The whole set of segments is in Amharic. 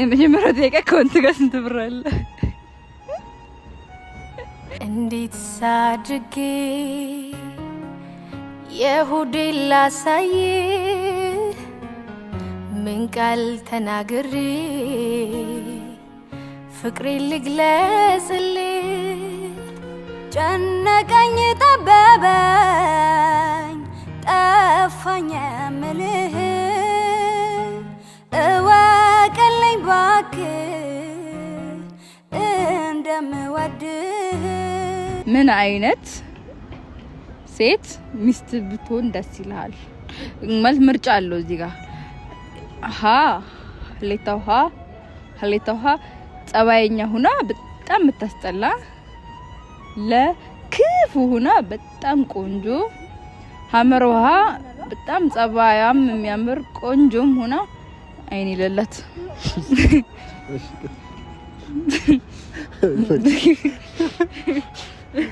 የመጀመሪያው ጥያቄ ከወንት ጋር ስንት ብር አለ? እንዴት ሳድጌ የሁዴ ላሳይ ምን ቃል ተናግሬ ፍቅሬ ልግለጽል ጨነቀኝ ጠበበኝ ጠፋኝ ምልህ ባክ እንደምወድህ ምን አይነት ሴት ሚስት ብትሆን ደስ ይልሃል? ማለት ምርጫ አለው እዚህ ጋር ሀ ሀሌታው ሀ ሀሌታው ሀ ጸባየኛ ሁና በጣም የምታስጠላ፣ ለክፉ ሁና በጣም ቆንጆ ሀመር ውሃ በጣም ጸባያም የሚያምር ቆንጆም ሁና አይን ይለላት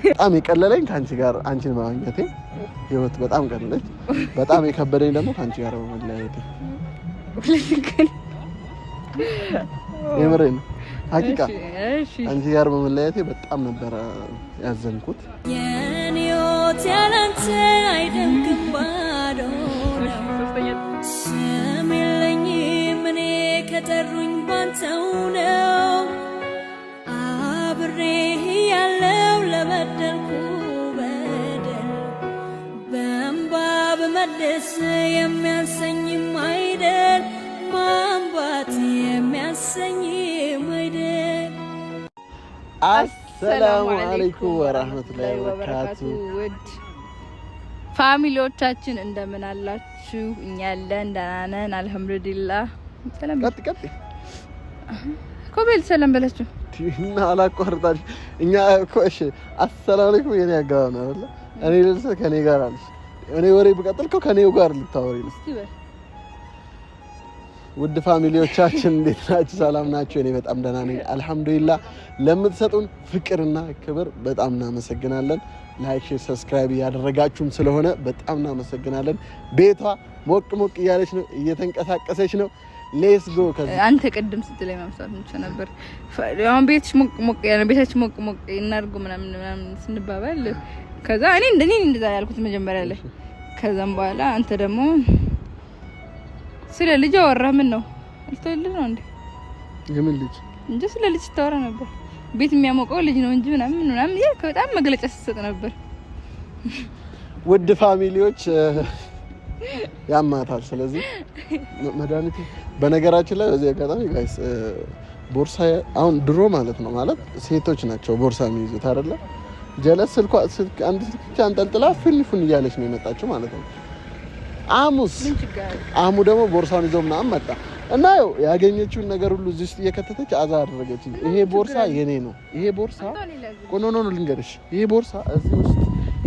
በጣም የቀለለኝ ከአንቺ ጋር አንቺን ማግኘቴ ህይወት በጣም ቀለለች። በጣም የከበደኝ ደግሞ ከአንቺ ጋር በመለያየቴ የምሬ ሀቂቃ አንቺ ጋር በመለያየቴ በጣም ነበረ ያዘንኩት። ያለንተ አይደንግም ባዶ ነው ከጠሩኝ ባንተው ነው አብሬ ያለው ለበደልኩ በደል በእንባ ብመልስ የሚያሰኝም አይደል ማንባት የሚያሰኝም አይደል። አሰላሙ አለይኩም ወራህመቱላሂ ወበረካቱ ውድ ፋሚሊዎቻችን እንደምን አላችሁ? እኛ ያለን ደህና ነን፣ አልሐምዱሊላህ ቀጥ ቀጥ ኮቤል ሰላም በላችሁ እና አላቋርጣች እኛ እኮ እሺ፣ አሰላም አለይኩም የኔ ያገባ ነው አይደል? እኔ ልልስ ከኔ ጋር አለሽ። እኔ ወሬ ብቀጥል እኮ ከኔው ጋር ልታወሪ ነው። ውድ ፋሚሊዎቻችን እንዴት ናችሁ? ሰላም ናችሁ? እኔ በጣም ደህና ነኝ አልሐምዱሊላ። ለምትሰጡን ፍቅርና ክብር በጣም እናመሰግናለን። ላይክ፣ ሼር፣ ሰብስክራይብ እያደረጋችሁም ስለሆነ በጣም እናመሰግናለን። ቤቷ ሞቅ ሞቅ እያለች ነው፣ እየተንቀሳቀሰች ነው። ሌስ ጎ አንተ ቅድም ስትለኝ ማምሳት እንች ነበር። አሁን ቤትሽ ሞቅ ሞቅ ያለ ቤታችን ሞቅ ሞቅ እናድርጉ ምናምን ምናምን ስንባባል ከዛ እኔ እንደኔ እንደዛ ያልኩት መጀመሪያ ላይ ከዛም በኋላ አንተ ደግሞ ስለ ልጅ አወራህ። ምን ነው ልትወልድ ነው እንዴ? የምን ልጅ እንጂ ስለ ልጅ ስታወራ ነበር። ቤት የሚያሞቀው ልጅ ነው እንጂ ምናምን ምናምን በጣም መግለጫ ስትሰጥ ነበር። ውድ ፋሚሊዎች ያማታል። ስለዚህ መድኃኒት በነገራችን ላይ በዚህ አጋጣሚ ጋይስ ቦርሳ አሁን ድሮ ማለት ነው ማለት ሴቶች ናቸው ቦርሳ የሚይዙት አይደለ? ጀለስ ስልኳ ስልክ አንድ ስልክ ብቻ አንጠልጥላ ፍንፉን እያለች ነው የመጣችው ማለት ነው። አሙስ አሙ ደግሞ ቦርሳውን ይዞ ምናምን መጣ እና ያው ያገኘችውን ነገር ሁሉ እዚህ ውስጥ እየከተተች አዛ አደረገች። ይሄ ቦርሳ የኔ ነው፣ ይሄ ቦርሳ ቆኖኖ ነው ልንገርሽ፣ ይሄ ቦርሳ እዚህ ውስጥ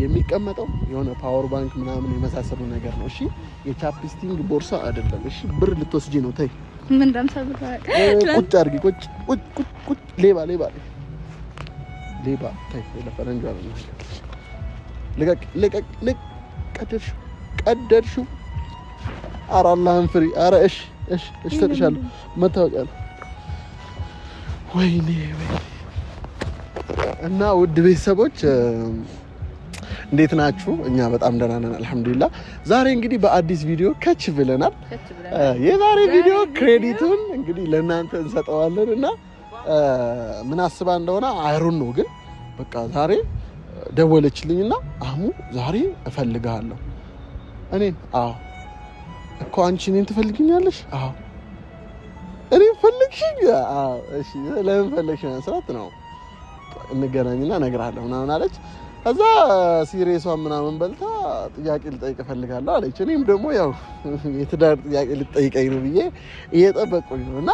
የሚቀመጠው የሆነ ፓወር ባንክ ምናምን የመሳሰሉ ነገር ነው። እሺ የቻፕስቲንግ ቦርሳ አይደለም። እሺ ብር ልትወስጂ ነው። ተይ ምን ቁጭ አድርጊ። ቁጭ ቁጭ ቁጭ ሌባ ሌባ ሌባ። ተይ ለፈረንጅ አለ። ልቀቅ ልቀቅ ልቅ ቀደድሹ ቀደድሹ። ኧረ አላህን ፍሪ። አረ እሺ እሺ እሺ ሰጥሻለሁ። መታወቂያ ነው። ወይኔ ወይኔ እና ውድ ቤተሰቦች እንዴት ናችሁ? እኛ በጣም ደህና ነን ዛሬ እንግዲህ በአዲስ ቪዲዮ ከች ብለናል። የዛሬ ቪዲዮ ክሬዲቱን እንግዲህ ለእናንተ እንሰጠዋለን እና ምን አስባ እንደሆነ አይሩን ነው ግን በቃ ዛሬ ደወለችልኝና አህሙ ዛሬ እፈልግሃለሁ። እኔን? አዎ እኮ አንቺ እኔን ትፈልግኛለሽ? አዎ እኔ ፈልግሽኝ? አዎ እሺ፣ ለምን ፈለግሽ? ስራት ነው እንገናኝና እነግርሃለሁ ምናምን አለች። ከዛ ሲሬሷ ምናምን በልታ ጥያቄ ልጠይቅ እፈልጋለሁ አለች። እኔም ደግሞ ያው የትዳር ጥያቄ ልጠይቀኝ ነው ብዬ እየጠበቅኩኝ ነው እና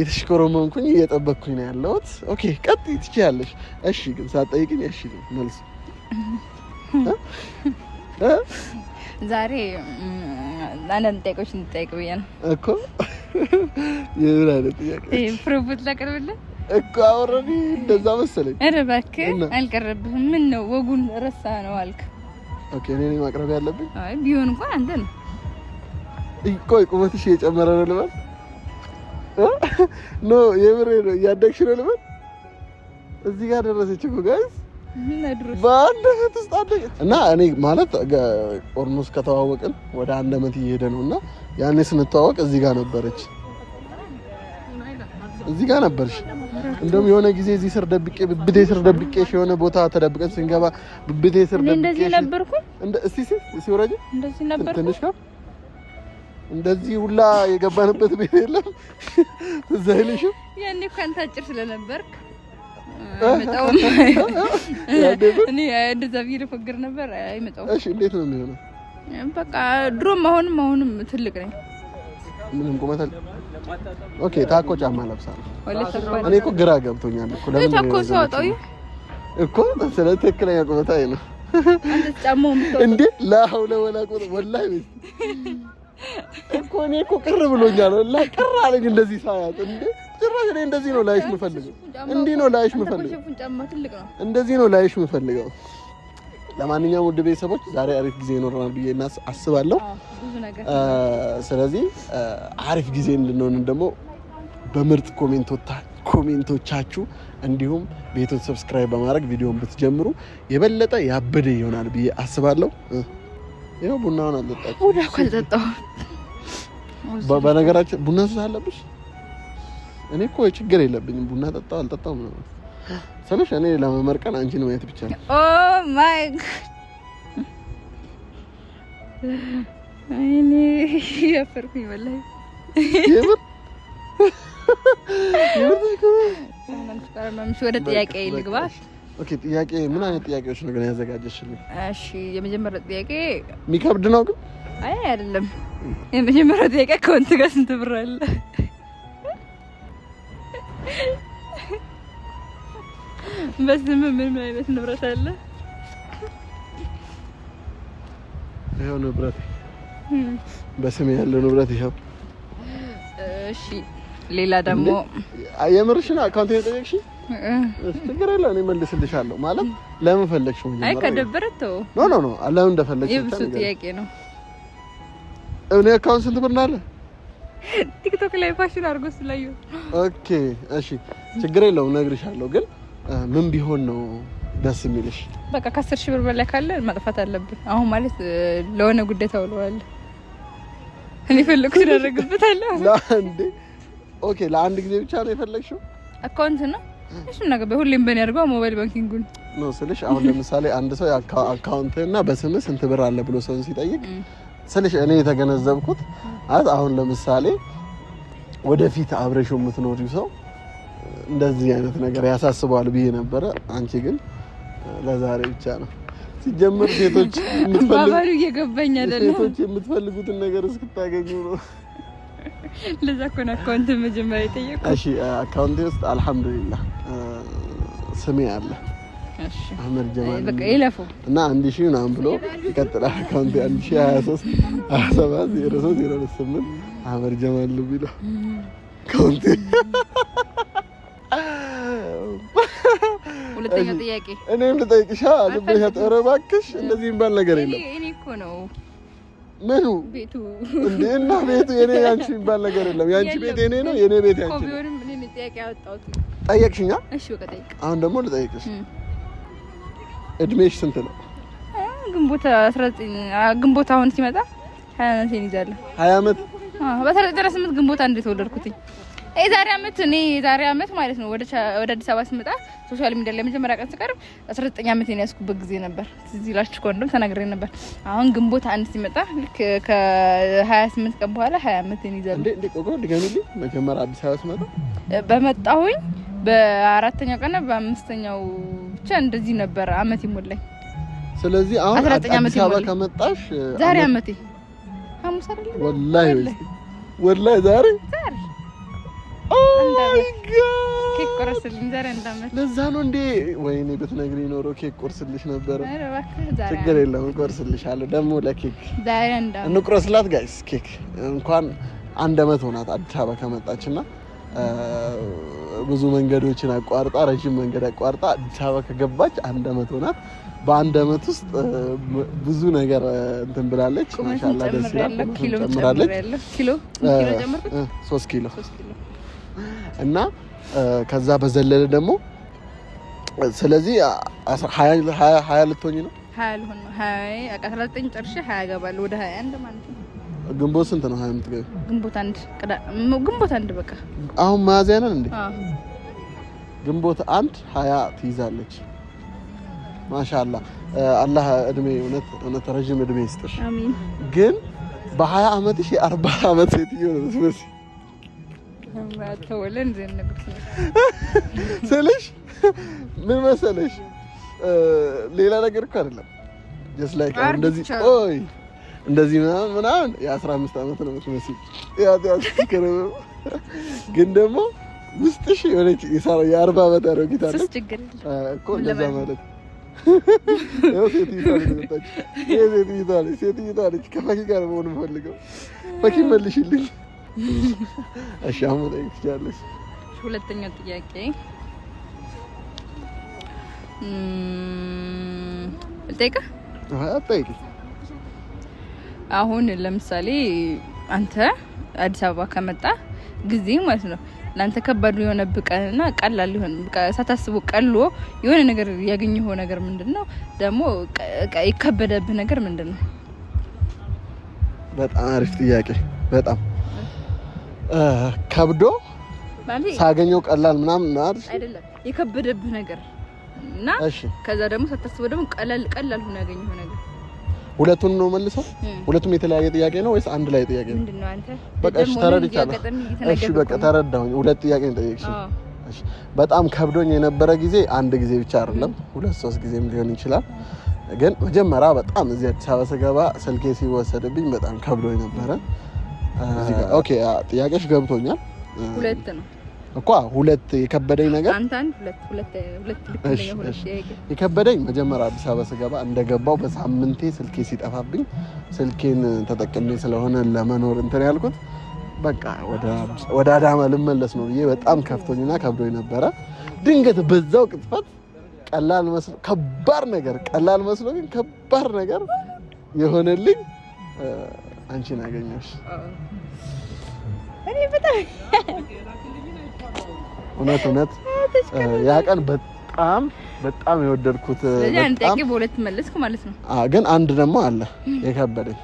የተሽኮረመንኩኝ እየጠበቅኩኝ ነው ያለሁት። ኦኬ ቀጥይ ትችያለሽ። እሺ ግን ሳትጠይቅኝ እሺ ነው መልሱ። ዛሬ አንዳንድ ጥያቄዎች እንጠይቅ ብዬ ነው እኮ። ይህ ምን አይነት ጥያቄ ፕሮፖዝ ላቅርብልህ እኮ አወራን እንደዛ መሰለኝ። ኧረ እባክህ አልቀረብህም። ምን ነው ወጉን ረሳ ነው አልክ? ኦኬ እኔ ነኝ ማቅረብ ያለብኝ። አይ ቢሆን እንኳን አንተ ነው። ቆይ ቁመትሽ እየጨመረ ነው ልበል? ኖ የምሬ ነው። እያደግሽ ነው ልበል? እዚህ ጋር ደረሰች እኮ ጋይስ ውስጥ አደገች። እና እኔ ማለት ኦርኖስ ከተዋወቅን ወደ አንድ አመት እየሄደ ነው እና ያኔ ስንተዋወቅ እዚህ ጋር ነበረች፣ እዚህ ጋር ነበርሽ እንደውም የሆነ ጊዜ እዚህ ስር ደብቄ ብብቴ ስር ደብቄ የሆነ ቦታ ተደብቀን ስንገባ ብብቴ ስር ደብቄ እንደዚህ ነበርኩ። እንደዚህ ሁላ የገባንበት ቤት የለም። እዛ ይልሽም ያኔ እኮ አንተ አጭር ስለነበርክ አይመጣውም። እኔ እንደዛ ብዬ ልፎግር ነበር። አይመጣውም። እሺ፣ እንዴት ነው የሚሆነው? በቃ ድሮም አሁንም አሁንም ትልቅ ነኝ። ምንም ቁመት አለ ኦኬ ታኮ ጫማ ለብሳለሁ። እኔ እኮ ግራ ገብቶኛል እኮ ለምን ታኮ ሰውጣው እኮ ስለ ትክክለኛ ቁመታ ነው እንዴ? ለሐውለ ወላ ቁመታ ወላሂ እኮ እኔ እኮ ቅር ብሎኛል። ወላሂ ቅር አለኝ እንደዚህ ሳያት እንዴ ጭራሽ እኔ እንደዚህ ነው ላይሽ የምፈልገው። እንዲህ ነው ላይሽ የምፈልገው። እንደዚህ ነው ላይሽ የምፈልገው። ለማንኛውም ውድ ቤተሰቦች ዛሬ አሪፍ ጊዜ ይኖረናል ብዬ አስባለሁ። ስለዚህ አሪፍ ጊዜ እንድንሆን ደግሞ በምርጥ ኮሜንቶቻችሁ እንዲሁም ቤቶች ሰብስክራይብ በማድረግ ቪዲዮን ብትጀምሩ የበለጠ ያበደ ይሆናል ብዬ አስባለሁ። ይኸው ቡናውን አልጠጣችም። ቡና እኮ አልጠጣሁም። በነገራችን ቡና ስላለብሽ እኔ እኮ ችግር የለብኝም። ቡና ጠጣሁ አልጠጣሁም ነው ስልሽ እኔ ለመመርቀን አንቺን ማየት ብቻ ነው። ኦ ማይ እኔ ያፈርኩኝ ወላሂ የምር ወደ ጥያቄ ልግባ። ኦኬ ጥያቄ ምን አይነት ጥያቄዎች ነው ግን ያዘጋጀሽልኝ? እሺ የመጀመሪያው ጥያቄ የሚከብድ ነው ግን አይ አይደለም። የመጀመሪያው ጥያቄ ከወንት ጋር ስንት ብር አለ? በስም ምን ምን አይነት ንብረት አለ? ይኸው ንብረት በስም ያለው ንብረት ይኸው። እሺ፣ ሌላ ደግሞ የምርሽን አካውንት የጠየቅሽ ችግር የለ፣ እኔ መልስልሻለሁ። ማለት ለምን ፈለግሽ? አይ ከደበረት ኖ ኖ ኖ፣ ለምን እንደፈለግሽ ጥያቄ ነው። እኔ አካውንት ስንት ብር ቲክቶክ ላይ ፋሽን አድርጎ ስላየሁ። ኦኬ፣ እሺ፣ ችግር የለውም፣ እነግርሻለሁ ግን ምን ቢሆን ነው ደስ የሚልሽ? በቃ ከአስር ሺህ ብር በላይ ካለ መጥፋት አለብን። አሁን ማለት ለሆነ ጉዳይ ተውለዋል። እኔ ፈለግኩት እደረግበታለሁ። ኦኬ፣ ለአንድ ጊዜ ብቻ ነው የፈለግሽው? አካውንት ነው እሱም ነገር በሁሌም በእኔ አድርገው ሞባይል ባንኪንጉን ነው ስልሽ። አሁን ለምሳሌ አንድ ሰው አካውንት እና በስም ስንት ብር አለ ብሎ ሰውን ሲጠይቅ ስልሽ እኔ የተገነዘብኩት አሁን ለምሳሌ ወደፊት አብረሽው የምትኖሪው ሰው እንደዚህ አይነት ነገር ያሳስበዋል ብዬ ነበረ። አንቺ ግን ለዛሬ ብቻ ነው። ሲጀምር ሴቶች ባባሉ እየገባኝ አይደለም። ሴቶች የምትፈልጉትን ነገር እስክታገኙ ነው። ለዛ እኮ ነው አካውንት መጀመሪያ የጠየቁት። እሺ አካውንቴ ውስጥ አልሐምዱሊላህ ስሜ አለ አህመድ ጀማል እና አንድ ሺህ ምናምን ብሎ ይቀጥላል። አካውንት አንድ ሺህ ሀያ ሦስት ሀያ ሰባት ዜሮ ሦስት ዜሮ ስምንት አህመድ ጀማል ቢለው አካውንቴ ሁለተኛው ጥያቄ እኔም ልጠይቅሻ ልብሻት። ጠረ እባክሽ እንደዚህ የሚባል ነገር የለም። እኔ እኮ ነው ምኑ ቤቱ እና ቤቱ የኔ ያንቺ የሚባል ነገር የለም። ያንቺ ቤት የኔ ነው፣ የኔ ቤት ያንቺ ነው። ጠየቅሽኛ። አሁን ደግሞ ልጠይቅሽ፣ እድሜሽ ስንት ነው? ግንቦት አሁን ሲመጣ 20 ዓመት ይዛለሁ። 20 ዓመት በ18 ግንቦት አንድ የተወለድኩትኝ የዛሬ አመት እኔ የዛሬ አመት ማለት ነው ወደ አዲስ አበባ ስመጣ ሶሻል ሚዲያ ላይ መጀመሪያ ቀን ስቀርብ 19 አመት ነው ያስኩበት ጊዜ ነበር። ትዝ ይላችሁ ከሆነ ተናግሬ ነበር። አሁን ግንቦት አንድ ሲመጣ ልክ ከ28 ቀን በኋላ 20 አመት ነው ይዛል። እንዴ ቆቆ ድጋሚልኝ መጀመሪያ አዲስ አበባ ስመጣ በመጣሁኝ በአራተኛው ቀን በአምስተኛው ብቻ እንደዚህ ነበር አመት ይሞላኝ። ስለዚህ አሁን አዲስ አበባ ከመጣሽ ዛሬ አመቴ ሐሙስ አይደል? ወላሂ ወላሂ ዛሬ ዛሬ Oh ለዛ ነው እንዴ? ወይኔ ብትነግሪኝ ኖሮ ኬክ ቆርስልሽ ነበረ። ችግር የለም እቆርስልሻለሁ። ደግሞ ለኬክ እንቁረስላት ጋይስ። ኬክ እንኳን አንድ አመት ሆናት አዲስ አበባ ከመጣች እና ብዙ መንገዶችን አቋርጣ ረዥም መንገድ አቋርጣ አዲስ አበባ ከገባች አንድ አመት ሆናት። በአንድ ዓመት ውስጥ ብዙ ነገር እንትን ብላለች። ማሻላ ደስ ይላል። ጨምራለች ሶስት ኪሎ እና ከዛ በዘለለ ደግሞ ስለዚህ ሀያ ልትሆኝ ነው። ሀያ ልሆን ነው። አስራ ጨርሼ ሀያ ግንቦት ስንት ነው? ሀያ የምትገቢው ግንቦት አንድ በቃ አሁን መያዝያ ነን እንዴ? ግንቦት አንድ ሀያ ትይዛለች። ማሻላ አላህ እድሜ እውነት እውነት ረዥም እድሜ ይስጥሽ። ግን በሀያ አመትሽ የአርባ አመት ሴትዮ ነው። ስልሽ ምን መሰለሽ፣ ሌላ ነገር እኮ አይደለም። ጀስት ላይክ እንደዚህ ኦይ እንደዚህ ምናምን ምናምን የአስራ አምስት ዓመት ነው የምትመስል ግን ደግሞ ውስጥሽ የሆነች የአርባ ዓመት አሮጊት አለች እኮ እንደዛ ማለት ሴትዮዋ ነች። ከፋኪ ጋር መሆን የምፈልገው ፋኪ መልሽልኝ። አሻሙ አሁን ሁለተኛው ጥያቄ ልጠይቅህ? አሁን ለምሳሌ አንተ አዲስ አበባ ከመጣ ጊዜ ማለት ነው ለአንተ ከባዱ ቀላል ሊሆን ሳታስቡ ቀሎ የሆነ ነገር ያገኘኸው ነገር ምንድን ነው? ደግሞ የከበደብህ ነገር ምንድን ነው? በጣም አሪፍ ጥያቄ በጣም ከብዶ ሳገኘው ቀላል ምናምን አይደለም የከበደብህ ነገር እና እሺ፣ ከዛ ደግሞ ሳታስበው ደግሞ ቀላል ቀላል ሆነ ያገኘው ነገር ሁለቱን ነው መልሰው። ሁለቱም የተለያየ ጥያቄ ነው ወይስ አንድ ላይ ጥያቄ ነው? በቃ እሺ፣ ተረድቻለሁ። እሺ፣ በቃ ተረዳሁኝ። ሁለት ጥያቄ ነው የጠየቅሽኝ። እሺ፣ በጣም ከብዶኝ የነበረ ጊዜ አንድ ጊዜ ብቻ አይደለም፣ ሁለት ሶስት ጊዜም ሊሆን ይችላል። ግን መጀመሪያ በጣም እዚህ አዲስ አበባ ስገባ ስልኬ ሲወሰድብኝ በጣም ከብዶኝ ነበረ። ኦኬ ጥያቄሽ ገብቶኛል። ሁለት ነው እኮ ሁለት የከበደኝ ነገር የከበደኝ መጀመሪያ አዲስ አበባ ስገባ እንደገባው በሳምንቴ ስልኬ ሲጠፋብኝ ስልኬን ተጠቅሜ ስለሆነ ለመኖር እንትን ያልኩት በቃ ወደ አዳማ ልመለስ ነው ብዬ በጣም ከፍቶኝና ከብዶኝ ነበረ። ድንገት በዛው ቅጥፈት ቀላል መስሎ ከባድ ነገር ቀላል መስሎ ግን ከባድ ነገር የሆነልኝ አንቺን አገኘሁሽ። እኔ በጣም እውነት እውነት ያ ቀን በጣም በጣም የወደድኩት በሁለት መለስኩ ማለት ነው። ግን አንድ ደግሞ አለ የከበደኝ፣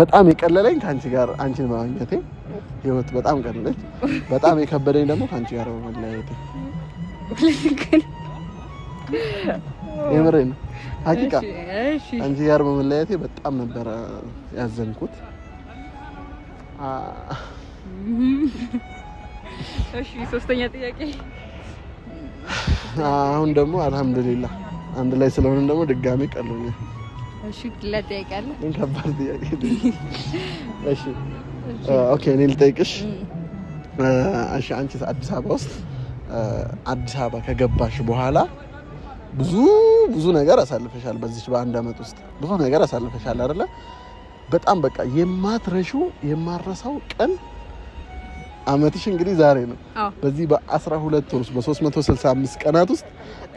በጣም የቀለለኝ ከአንቺ ጋር አንቺን በማግኘቴ ህይወት በጣም ቀለለች። በጣም የከበደኝ ደግሞ ከአንቺ ጋር በመለያየቴ የምሬ ነው ሀቂቃ አንቺ ጋር በመለያየቴ በጣም ነበረ ያዘንኩት። እሺ ሶስተኛ ጥያቄ። አሁን ደግሞ አልሐምዱሊላ አንድ ላይ ስለሆነ ደግሞ ድጋሚ ቀሎኛል። እሺ ጥያቄ ከባድ ጥያቄ። እሺ ኦኬ፣ እኔ ልጠይቅሽ። እሺ አንቺ አዲስ አበባ ውስጥ አዲስ አበባ ከገባሽ በኋላ ብዙ ብዙ ነገር አሳልፈሻል። በዚች በአንድ አመት ውስጥ ብዙ ነገር አሳልፈሻል አይደለ? በጣም በቃ የማትረሹ የማረሳው ቀን አመትሽ እንግዲህ ዛሬ ነው። በዚህ በ12 ወር ውስጥ በ365 ቀናት ውስጥ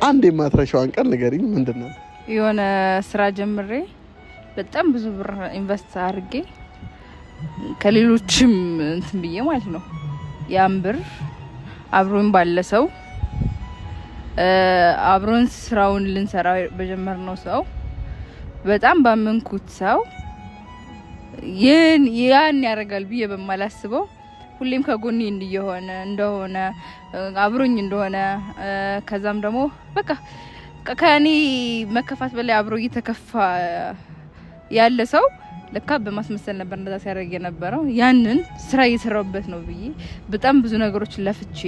አንድ የማትረሻዋን ቀን ንገሪኝ፣ ምንድን ነው? የሆነ ስራ ጀምሬ በጣም ብዙ ብር ኢንቨስት አድርጌ ከሌሎችም እንትን ብዬ ማለት ነው ያን ብር አብሮኝ ባለ ሰው አብሮን ስራውን ልንሰራ በጀመር ነው ሰው በጣም ባመንኩት ሰው ይህን ያን ያደርጋል ብዬ በማላስበው ሁሌም ከጎኔ እንዲየሆነ እንደሆነ አብሮኝ እንደሆነ ከዛም ደግሞ በቃ ከኔ መከፋት በላይ አብሮ እየተከፋ ያለ ሰው ለካ በማስመሰል ነበር እንደዛ ሲያደርግ የነበረው። ያንን ስራ እየሰራውበት ነው ብዬ በጣም ብዙ ነገሮችን ለፍቼ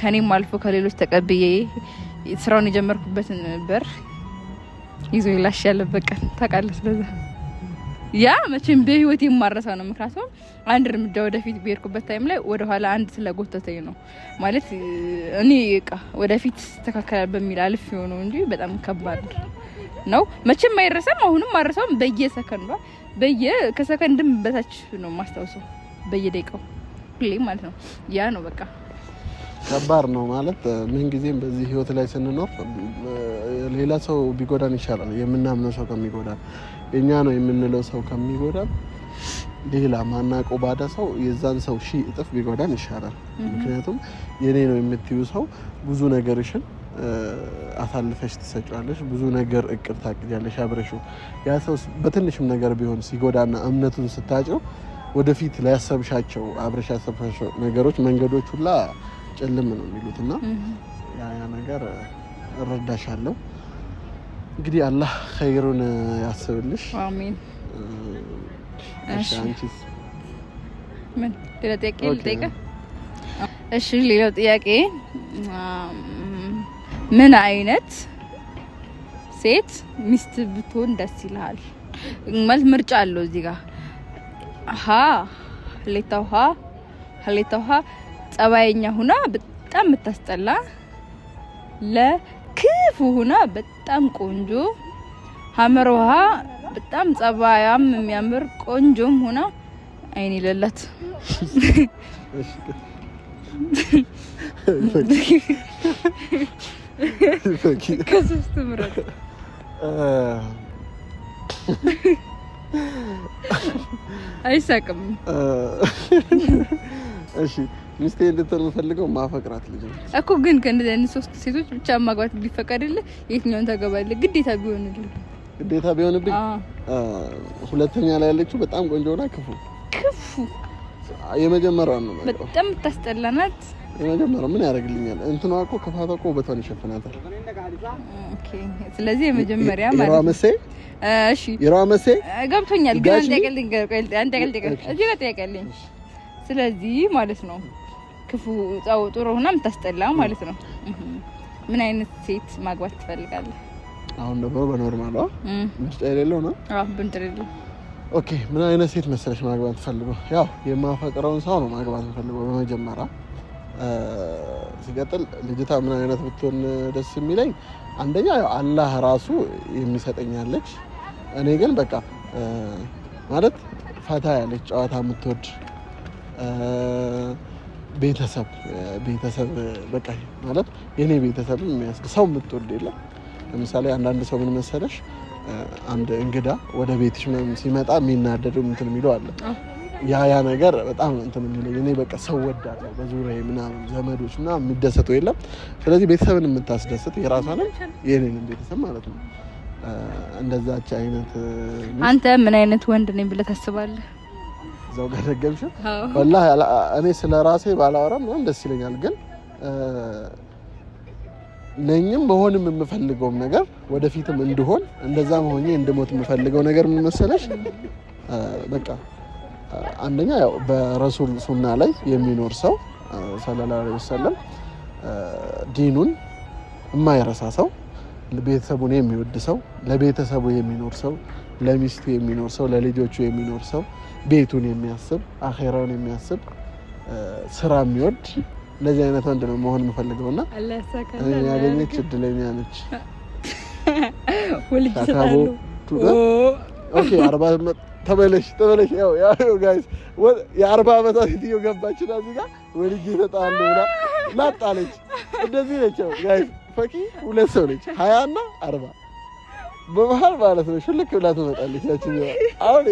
ከኔም አልፎ ከሌሎች ተቀብዬ ስራውን የጀመርኩበትን በር ይዞ ይላሽ ያለበት ቀን ታውቃለህ። ስለዛ ያ መቼም በህይወት የማረሳ ነው። ምክንያቱም አንድ እርምጃ ወደፊት ብሄድኩበት ታይም ላይ ወደኋላ አንድ ስለጎተተኝ ነው ማለት እኔ እቃ ወደፊት ተካከላል በሚል አልፍ የሆነው እንጂ በጣም ከባድ ነው። መቼም አይረሳም። አሁንም አረሳውም። በየሰከንዷ በየ ከሰከንድም በታች ነው ማስታውሰው በየደቂቃው ሁሌም ማለት ነው። ያ ነው በቃ ከባድ ነው ማለት ምን ጊዜም በዚህ ህይወት ላይ ስንኖር ሌላ ሰው ቢጎዳን ይሻላል። የምናምነው ሰው ከሚጎዳን እኛ ነው የምንለው ሰው ከሚጎዳን ሌላ ማናቆ ባዳ ሰው የዛን ሰው ሺ እጥፍ ቢጎዳን ይሻላል። ምክንያቱም የኔ ነው የምትዩ ሰው ብዙ ነገርሽን አሳልፈሽ ትሰጫለሽ። ብዙ ነገር እቅድ ታቅጃለሽ አብረሹ። ያ ሰው በትንሽም ነገር ቢሆን ሲጎዳና እምነቱን ስታጭው ወደፊት ላያሰብሻቸው አብረሽ ያሰብሻቸው ነገሮች መንገዶች ሁላ ጭልም ነው የሚሉት እና ያ ነገር እረዳሻለሁ። እንግዲህ አላህ ኸይሩን ያስብልሽ። እሺ አንቺስ ምን ሌላ ጥያቄ እሺ ሌላው ጥያቄ ምን አይነት ሴት ሚስት ብትሆን ደስ ይልሃል? ማለት ምርጫ አለው እዚህ ጋር ሀ ሀሌታው ሀ ሀሌታው ሀ ጸባየኛ ሁና በጣም የምታስጠላ ለክፉ ሁና በጣም ቆንጆ ሀመር ውሃ በጣም ጸባያም የሚያምር ቆንጆም ሁና አይን የሌላት ከሶስት አይሳቅም። እሺ ሚስቴ እንድትሆን ፈልገው ማፈቅራት ልጅ ነው እኮ ግን ከእንደዚህ አይነት ሶስት ሴቶች ብቻ ማግባት ቢፈቀድልህ የትኛውን ታገባለህ? ግዴታ ቢሆንልህ ግዴታ ቢሆንብኝ ሁለተኛ ላይ ያለችው በጣም ቆንጆ ሆና ክፉ ክፉ የመጀመሪያው ነው። በጣም የምታስጠላ ናት። የመጀመሪያው ምን ያደርግልኛል? እንትኗ እኮ ከፋቷ እኮ ውበቷን ይሸፍናታል። ኦኬ ስለዚህ የመጀመሪያ ማለት ነው። እሺ ይራመሴ ገብቶኛል። ግን አንድ ያቀልኝ፣ አንድ ያቀልኝ፣ እዚህ ጋር ጥያቄ ስለዚህ ማለት ነው ክፉ ጻው ጥሩ ሆና የምታስጠላው ማለት ነው። ምን አይነት ሴት ማግባት ትፈልጋለህ? አሁን ደግሞ በኖርማል ምርጫ የሌለው ነው። አዎ ብንጥር የለው። ኦኬ ምን አይነት ሴት መሰለሽ ማግባት ፈልገው? ያው የማፈቅረውን ሰው ነው ማግባት ፈልገው በመጀመሪያ። ሲቀጥል ልጅቷ ምን አይነት ብትሆን ደስ የሚለኝ አንደኛ ያው አላህ ራሱ የሚሰጠኛለች። እኔ ግን በቃ ማለት ፈታ ያለች ጨዋታ የምትወድ ቤተሰብ ቤተሰብ በቃ ማለት የኔ ቤተሰብ ሰው የምትወድ የለም። ለምሳሌ አንዳንድ ሰው ምን መሰለሽ አንድ እንግዳ ወደ ቤትሽ ሲመጣ የሚናደዱ እንትን የሚለው አለ። ያ ያ ነገር በጣም እንትን የሚለኝ እኔ በቃ ሰው ወዳለው በዙሪያ ምናምን ዘመዶች ምናምን የሚደሰቱ የለም። ስለዚህ ቤተሰብን የምታስደስት የራሷንም የኔንም ቤተሰብ ማለት ነው። እንደዛች አይነት አንተ ምን አይነት ወንድ ነኝ ብለህ ታስባለህ? እዛው ጋር ደገምሽው። ወላሂ እኔ ስለ ራሴ ባላወራ ምንም ደስ ይለኛል፣ ግን ነኝም መሆንም የምፈልገውም ነገር ወደፊትም እንድሆን እንደዛ መሆኜ እንድሞት የምፈልገው ነገር ምን መሰለሽ? በቃ አንደኛ ያው በረሱል ሱና ላይ የሚኖር ሰው ሰለላሁ ዐለይሂ ወሰለም ዲኑን የማይረሳ ሰው፣ ቤተሰቡን የሚወድ ሰው፣ ለቤተሰቡ የሚኖር ሰው፣ ለሚስቱ የሚኖር ሰው፣ ለልጆቹ የሚኖር ሰው ቤቱን የሚያስብ አኼራውን የሚያስብ ስራ የሚወድ እንደዚህ አይነት ወንድ ነው መሆን የምፈልገው እና ያገኘች እድለኛ ነች። ተመለሽ ተመለሽ። የአርባ ዓመታት ሴትዮ ገባችና እዚህ ጋር ወልጄ ብላ ላጣለች። እንደዚህ ነች ጋይስ። ፈኪ ሁለት ሰው ነች፣ ሀያ እና አርባ በመሀል ማለት ነው ሽልክ ብላ ትመጣለች። ያቺ አሁን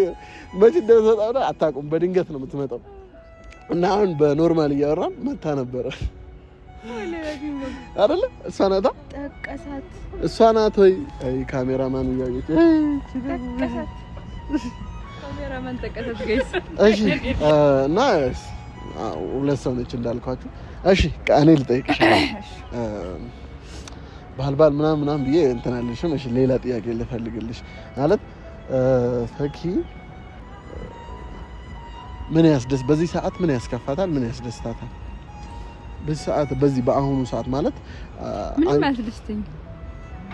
መቼ እንደምትመጣ አታውቁም። በድንገት ነው የምትመጣው። እና አሁን በኖርማል እያወራን መታ ነበረ አይደለ? እሷ ናታ ጠቀሳት። እሷ ናት ወይ? አይ ካሜራማን እያየች ጠቀሳት። ካሜራማን ጠቀሳት። ጋይስ እሺ። እና ሁለት ሰው ነች እንዳልኳችሁ። እሺ፣ እኔ ልጠይቅሽ ባልባል ምናምን ምናምን ብዬ እንትን እሺ ሌላ ጥያቄ ልፈልግልሽ። ማለት ፈኪ ምን ያስደስ በዚህ ሰዓት ምን ያስከፋታል? ምን ያስደስታታል? በዚህ ሰዓት በዚህ በአሁኑ ሰዓት ማለት ምንም ያስደስተኝ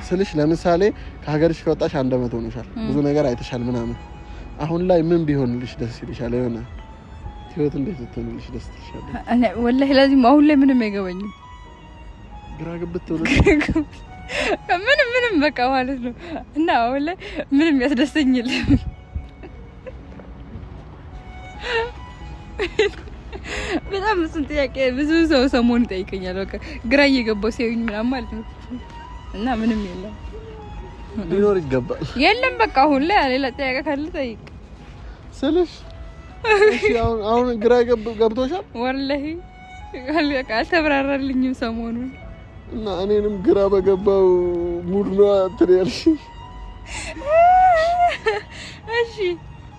ስልሽ ለምሳሌ ከሀገርሽ ከወጣሽ አንድ ዓመት ሆኖሻል። ብዙ ነገር አይተሻል ምናምን። አሁን ላይ ምን ቢሆንልሽ ደስ ይልሻል? የሆነ ህይወት እንዴት ትሆንልሽ ደስ ይልሻል? ወላሂ ላዚም አሁን ላይ ምንም አይገባኝም ምንም ምንም በቃ ማለት ነው። እና አሁን ላይ ምንም ያስደስተኝ የለም። በጣም እሱን ጥያቄ ብዙ ሰው ሰሞኑን ይጠይቀኛል። በቃ ግራ እየገባው ሲያዩኝ ምናምን ማለት ነው። እና ምንም የለም ሊኖር ይገባል። የለም በቃ አሁን ላይ ሌላ ጥያቄ ካለ ጠይቅ ስልሽ አሁን ግራ ገብቶሻል። ወላሂ አልተብራራልኝም ሰሞኑን እና እኔንም ግራ በገባው ሙድ ነው እንትን እሺ፣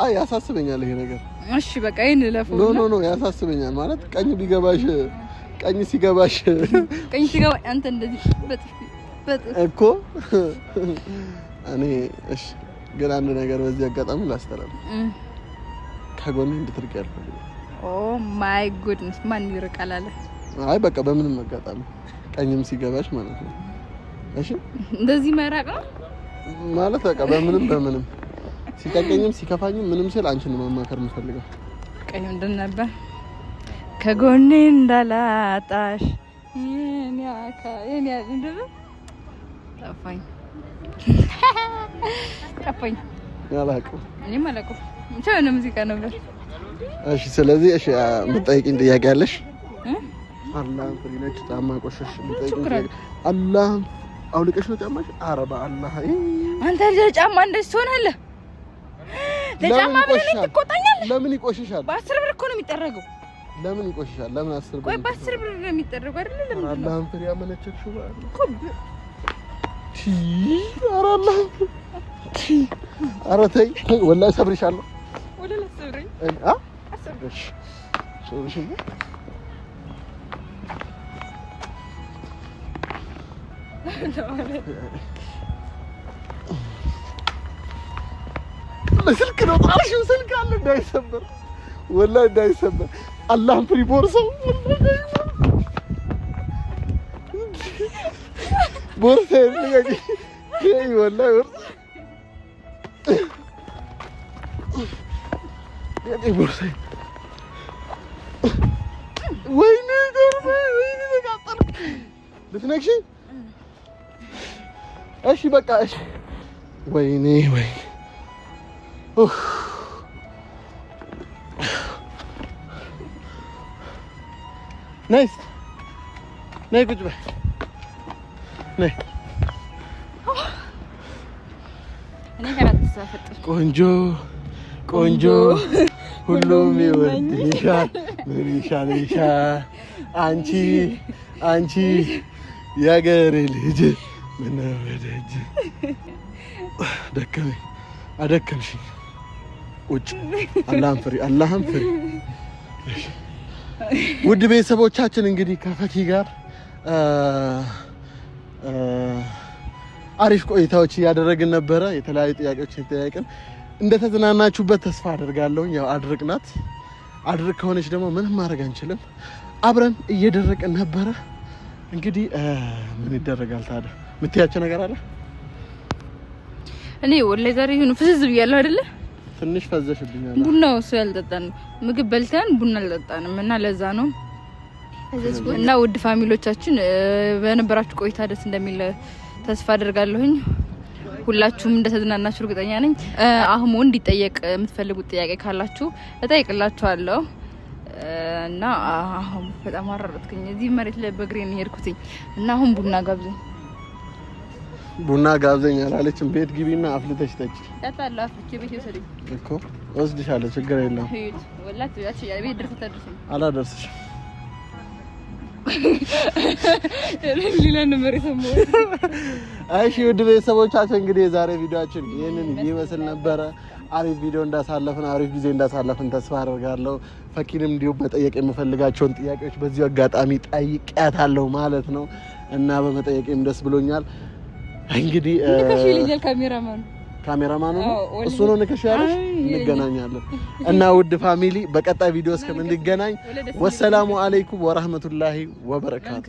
አይ ያሳስበኛል ይሄ ነገር። እሺ፣ በቃ ይሄን ለፈው ኖ ኖ ኖ ያሳስበኛል ማለት ቀኝ ቢገባሽ ቀኝ ሲገባሽ ቀኝ ሲገባ አንተ እንደዚህ በጥፊ በጥፊ እኮ እኔ። እሺ፣ ግን አንድ ነገር በዚህ አጋጣሚ ላስተላልፍ፣ ከጎኔ እንድትርቅ ያልፈልግ። ኦ ማይ ጉድነስ ማን ይርቃል አለ። አይ በቃ በምንም አጋጣሚ ቀኝም ሲገባሽ ማለት ነው። እሺ እንደዚህ መራቅ ነው ማለት በቃ በምንም በምንም ሲቀቀኝም ሲከፋኝም ምንም ስል አንቺን ማማከር የምፈልገው ቀኝ ምንድን ነበር? ከጎኔ እንዳላጣሽ ጠፋኝ ጠፋኝ። አላውቅም እኔም አላውቅም። ብቻ የሆነ ሙዚቃ ነበር። እሺ ስለዚህ እሺ የምትጠይቂኝ ጥያቄ አለሽ? አላህን ፍሪነች ጫማ ቆሸሽ አላህን አውልቀሽ ነው ጫማሽ። ኧረ በአላህ አንተ ጫማ እንደዚህ ትሆናለህ። ለጫማ ብለህ ትቆጣኛለህ። ለምን ይቆሽሻል? በአስር ብር እኮ ነው የሚጠረገው። ለምን ይቆሽሻል? ለምን አስር ብር? ቆይ በአስር ብር ነው የሚጠረገው አይደለ? ለምን አላህን ፍሪ አመነቸችው። ኧረ አላህን ኧረ ተይ ወላሂ ሰብርሻለሁ። ወላሂ ሰብርኝ አ ሰብርሽ ሰብርሽ ስልክ ነው ጣልሽው። ስልክ አለ እንዳይሰበር፣ ወላሂ እንዳይሰበር። አላህም ፍሪ ቦርሳው ቦርሳ ልቀቂ፣ ወላሂ ቦርሳ ወይኔ ልትነግሽኝ እሺ በቃ እሺ። ወይኔ ወይ ነይስ ነይ ቁጭ በይ ነይ። ቆንጆ ቆንጆ ሁሉም ይወድሻል። ምን ይሻልሻል አንቺ አንቺ የአገሬ ልጅ ደከመኝ፣ አደከምሽኝ። ቁጭ አላህን ፍሪ፣ አላህን ፍሪ። ውድ ቤተሰቦቻችን እንግዲህ ከፈኪ ጋር አሪፍ ቆይታዎች እያደረግን ነበረ። የተለያዩ ጥያቄዎችን ተጠያየቅን። እንደተዝናናችሁበት ተስፋ አደርጋለሁ። ያው አድርቅ ናት። አድርቅ ከሆነች ደግሞ ምንም ማድረግ አንችልም። አብረን እየደረቅን ነበረ። እንግዲህ ምን ይደረጋል ታዲያ የምትያቸው ነገር አለ። እኔ ወላሂ ዛሬ ይሁን ፍዝዝ ብያለሁ አይደለ? ትንሽ ፈዘሽብኛል። ቡናው ስላልጠጣን ምግብ በልተን ቡና አልጠጣንም እና ለዛ ነው እና ውድ ፋሚሎቻችን በነበራችሁ ቆይታ ደስ እንደሚል ተስፋ አደርጋለሁኝ። ሁላችሁም እንደተዝናናችሁ እርግጠኛ ነኝ። አህሙ እንዲጠየቅ የምትፈልጉት ጥያቄ ካላችሁ እጠይቅላችኋለሁ እና አሁን በጣም አራረጥኩኝ። እዚህ መሬት ላይ በእግሬ ነው የሄድኩትኝ እና አሁን ቡና ጋብዘኝ ቡና ጋብዘኝ አላለችም። ቤት ግቢና አፍልተሽ ጠጪ። ጠጣለሁ አፍልቼ እኮ እወስድሻለሁ። ችግር የለም። አላደርስሽም። እሺ ውድ ቤተሰቦቻችን እንግዲህ የዛሬ ቪዲዮአችን ይህንን ይመስል ነበረ። አሪፍ ቪዲዮ እንዳሳለፍን አሪፍ ጊዜ እንዳሳለፍን ተስፋ አደርጋለሁ። ፈኪንም እንዲሁም መጠየቅ የምፈልጋቸውን ጥያቄዎች በዚሁ አጋጣሚ ጠይቄያታለሁ ማለት ነው እና በመጠየቅም ደስ ብሎኛል። እንግዲህ ንከሽ ካሜራማኑ ካሜራማኑ እሱ ነው ንከሽ ያለሽ። እንገናኛለን እና ውድ ፋሚሊ በቀጣይ ቪዲዮ እስከምንገናኝ ወሰላሙ አለይኩም ወራህመቱላሂ ወበረካቱ።